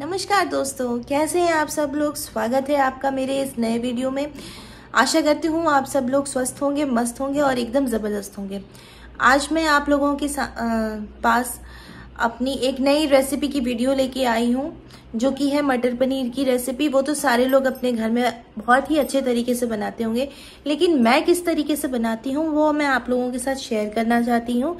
नमस्कार दोस्तों कैसे हैं आप सब लोग स्वागत है आपका मेरे इस नए वीडियो में आशा करती हूँ आप सब लोग स्वस्थ होंगे मस्त होंगे और एकदम ज़बरदस्त होंगे आज मैं आप लोगों के पास अपनी एक नई रेसिपी की वीडियो लेके आई हूँ जो कि है मटर पनीर की रेसिपी वो तो सारे लोग अपने घर में बहुत ही अच्छे तरीके से बनाते होंगे लेकिन मैं किस तरीके से बनाती हूँ वो मैं आप लोगों के साथ शेयर करना चाहती हूँ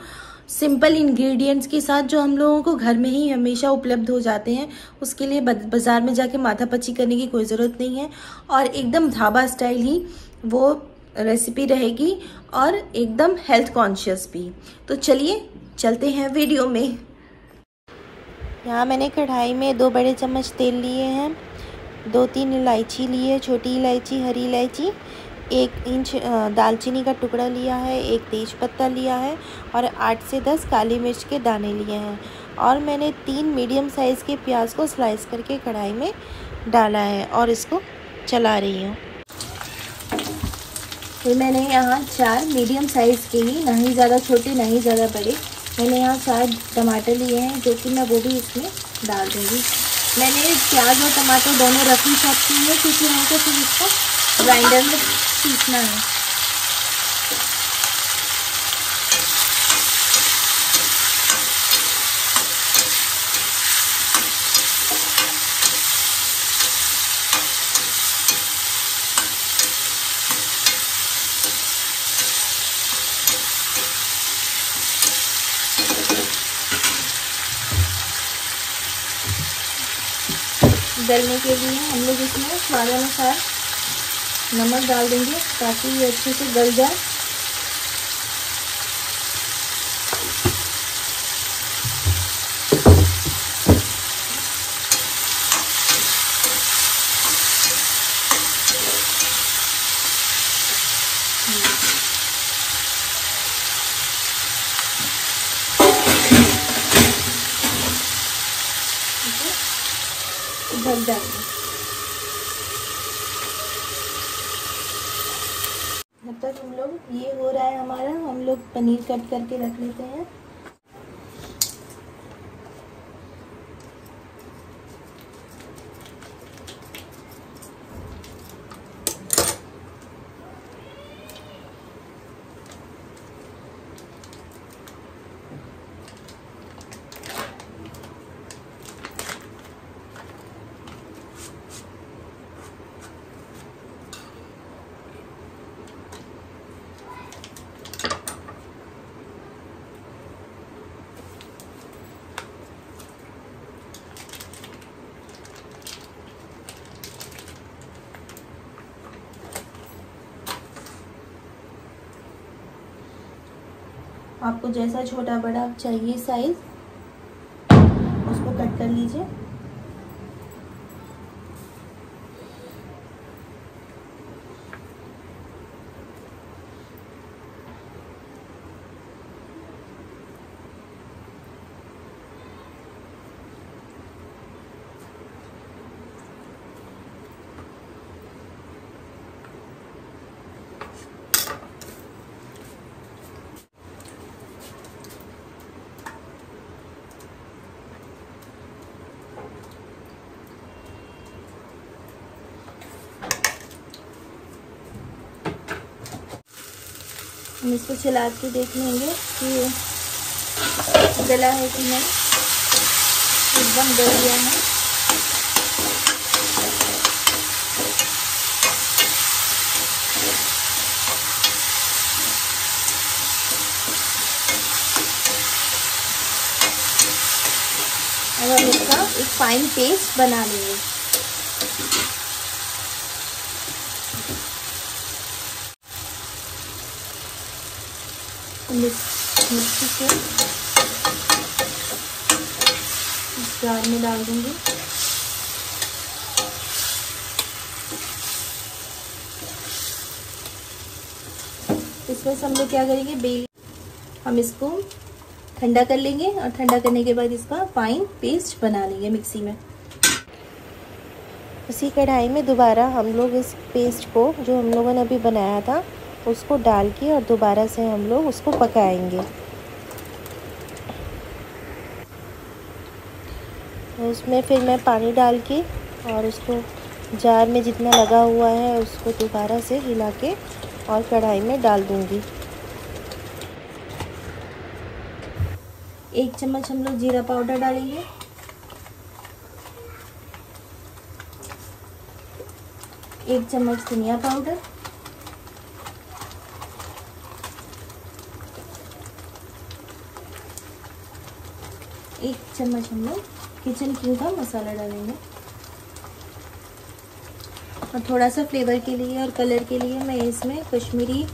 सिंपल इंग्रेडिएंट्स के साथ जो हम लोगों को घर में ही हमेशा उपलब्ध हो जाते हैं उसके लिए बाज़ार में जाके माथापच्ची करने की कोई ज़रूरत नहीं है और एकदम ढाबा स्टाइल ही वो रेसिपी रहेगी और एकदम हेल्थ कॉन्शियस भी तो चलिए चलते हैं वीडियो में यहाँ मैंने कढ़ाई में दो बड़े चम्मच तेल लिए हैं दो तीन इलायची ली है छोटी इलायची हरी इलायची एक इंच दालचीनी का टुकड़ा लिया है एक तेज पत्ता लिया है और आठ से दस काली मिर्च के दाने लिए हैं और मैंने तीन मीडियम साइज़ के प्याज को स्लाइस करके कढ़ाई में डाला है और इसको चला रही हूँ फिर मैंने यहाँ चार मीडियम साइज़ के ही नहीं ज़्यादा छोटे नहीं ज़्यादा बड़े मैंने यहाँ चार टमाटर लिए हैं जो कि मैं वो भी इसमें डाल दूँगी मैंने प्याज और टमाटर दोनों रख ही सकती हूँ क्योंकि तो फिर इसको ग्राइंडर में पीसना है गलने के लिए हम लोग इसमें स्वाद अनुसार नमक डाल देंगे ताकि ये अच्छे से गल जाए ढक जाएंगे ये हो रहा है हमारा हम लोग पनीर कट करके रख लेते हैं आपको जैसा छोटा बड़ा चाहिए साइज़ उसको कट कर लीजिए हम इसको चला के देख लेंगे कि गला है कि नहीं एकदम गल गया है अब हम इसका एक फाइन पेस्ट बना लेंगे मिर्ची को जार में डाल दूंगी इसमें हम लोग क्या करेंगे बेल हम इसको ठंडा कर लेंगे और ठंडा करने के बाद इसका फाइन पेस्ट बना लेंगे मिक्सी में उसी कढ़ाई में दोबारा हम लोग इस पेस्ट को जो हम लोगों ने अभी बनाया था उसको डाल के और दोबारा से हम लोग उसको पकाएंगे उसमें फिर मैं पानी डाल के और उसको जार में जितना लगा हुआ है उसको दोबारा से हिला के और कढ़ाई में डाल दूंगी एक चम्मच हम लोग जीरा पाउडर डालेंगे एक चम्मच धनिया पाउडर चम्मच हम लोग किचन किंग का मसाला डालेंगे और थोड़ा सा फ्लेवर के लिए और कलर के लिए मैं इसमें Kashmiri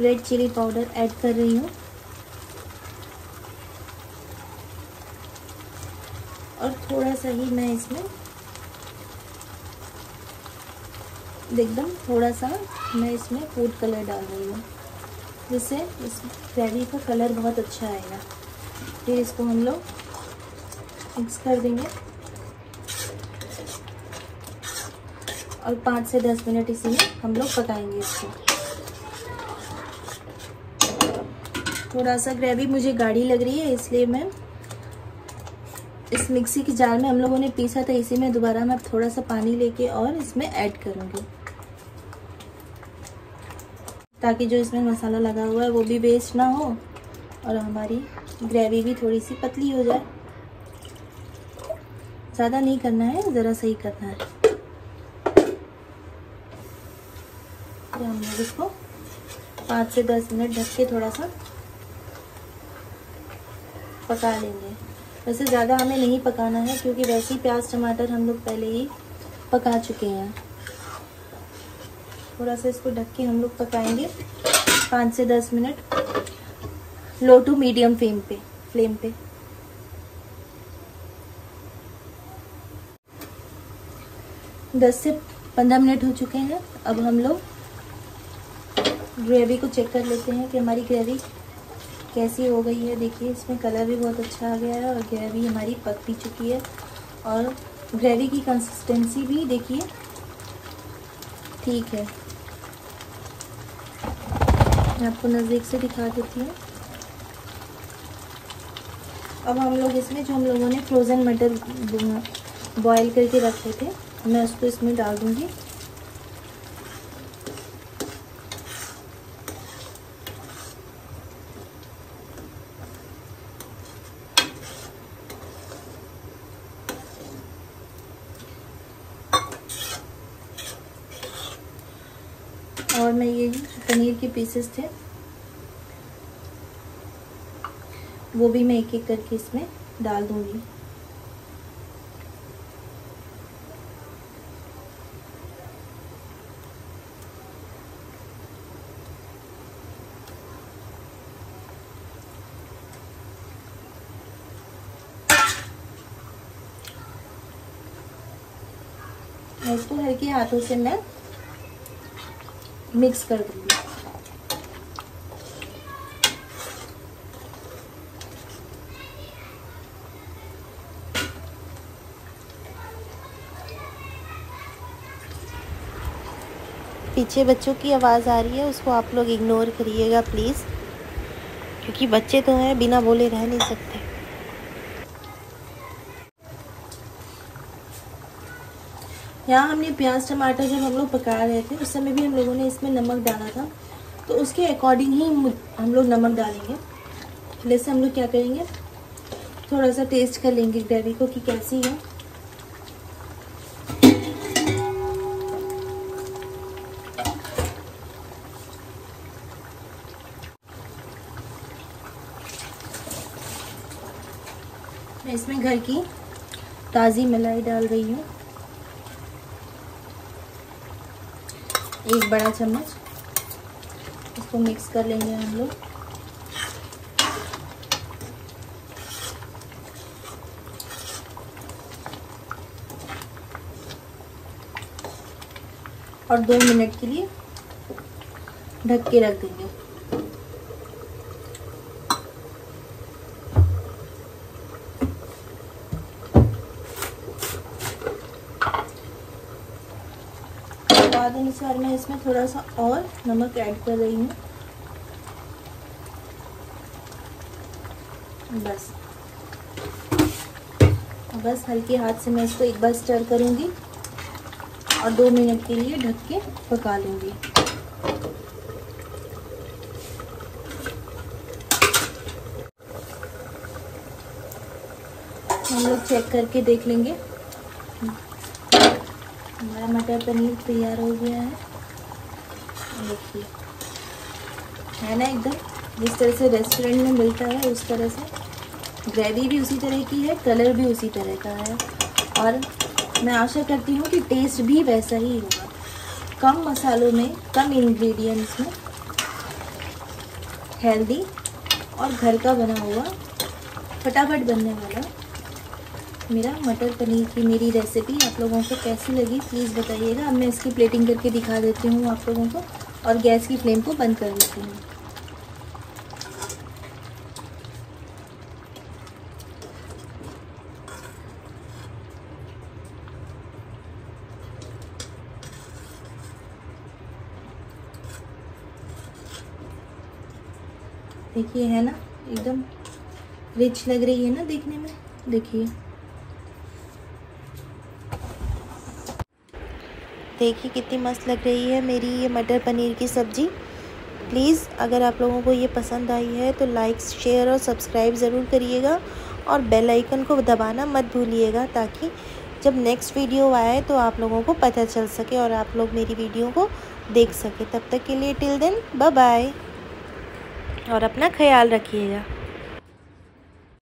red chilli powder add कर रही हूँ और थोड़ा सा ही मैं इसमें एकदम थोड़ा सा मैं इसमें फूड कलर डाल रही हूँ जिससे इस ग्रेवी का कलर बहुत अच्छा आएगा फिर इसको हम लोग मिक्स कर देंगे और पाँच से दस मिनट इसी में हम लोग पकाएंगे इसको थोड़ा सा ग्रेवी मुझे गाढ़ी लग रही है इसलिए मैं इस मिक्सी के जार में हम लोगों ने पीसा था इसी में दोबारा मैं थोड़ा सा पानी लेके और इसमें ऐड करूँगी ताकि जो इसमें मसाला लगा हुआ है वो भी वेस्ट ना हो और हमारी ग्रेवी भी थोड़ी सी पतली हो जाए ज़्यादा नहीं करना है ज़रा सही करना है तो हम लोग इसको पाँच से दस मिनट ढक के थोड़ा सा पका लेंगे वैसे ज़्यादा हमें नहीं पकाना है क्योंकि वैसे ही प्याज टमाटर हम लोग पहले ही पका चुके हैं थोड़ा सा इसको ढक के हम लोग पकाएंगे पाँच से दस minute low to medium flame पे फ्लेम पे 10 से 15 मिनट हो चुके हैं अब हम लोग ग्रेवी को चेक कर लेते हैं कि हमारी ग्रेवी कैसी हो गई है देखिए इसमें कलर भी बहुत अच्छा आ गया है और ग्रेवी हमारी पक भी चुकी है और ग्रेवी की कंसिस्टेंसी भी देखिए ठीक है मैं आपको नज़दीक से दिखा देती हूँ अब हम लोग इसमें जो हम लोगों ने फ्रोज़न मटर बॉयल करके रखे थे मैं उसको इसमें डाल दूंगी और मैं ये पनीर के पीसेस थे वो भी मैं एक एक करके इसमें डाल दूंगी इसको हल्के हाथों से मैं मिक्स कर दूंगी पीछे बच्चों की आवाज़ आ रही है उसको आप लोग इग्नोर करिएगा प्लीज़ क्योंकि बच्चे तो हैं बिना बोले रह नहीं सकते यहाँ हमने प्याज टमाटर जब हम लोग पका रहे थे उस समय भी हम लोगों ने इसमें नमक डाला था तो उसके अकॉर्डिंग ही हम लोग नमक डालेंगे पहले से हम लोग क्या करेंगे थोड़ा सा टेस्ट कर लेंगे ग्रेवी को कि कैसी है मैं इसमें घर की ताज़ी मलाई डाल रही हूँ एक बड़ा चम्मच इसको मिक्स कर लेंगे हम लोग और दो मिनट के लिए ढक के रख देंगे अनुसार मैं इसमें थोड़ा सा और नमक ऐड कर रही हूँ बस बस हल्के हाथ से मैं इसको एक बार स्टर करूँगी और दो मिनट के लिए ढक के पका लूँगी हम लोग चेक करके देख लेंगे हमारा मटर पनीर तैयार हो गया है देखिए है ना एकदम जिस तरह से रेस्टोरेंट में मिलता है उस तरह से ग्रेवी भी उसी तरह की है कलर भी उसी तरह का है और मैं आशा करती हूँ कि टेस्ट भी वैसा ही होगा कम मसालों में कम इंग्रेडिएंट्स में हेल्दी और घर का बना हुआ फटाफट बनने वाला मेरा मटर पनीर की मेरी रेसिपी आप लोगों को कैसी लगी प्लीज़ बताइएगा अब मैं इसकी प्लेटिंग करके दिखा देती हूँ आप लोगों को और गैस की फ्लेम को बंद कर देती हूँ देखिए है ना एकदम रिच लग रही है ना देखने में देखिए देखिए कितनी मस्त लग रही है मेरी ये मटर पनीर की सब्ज़ी प्लीज़ अगर आप लोगों को ये पसंद आई है तो लाइक शेयर और सब्सक्राइब ज़रूर करिएगा और बेल आइकन को दबाना मत भूलिएगा ताकि जब नेक्स्ट वीडियो आए तो आप लोगों को पता चल सके और आप लोग मेरी वीडियो को देख सके तब तक के लिए टिल देन बाय और अपना ख्याल रखिएगा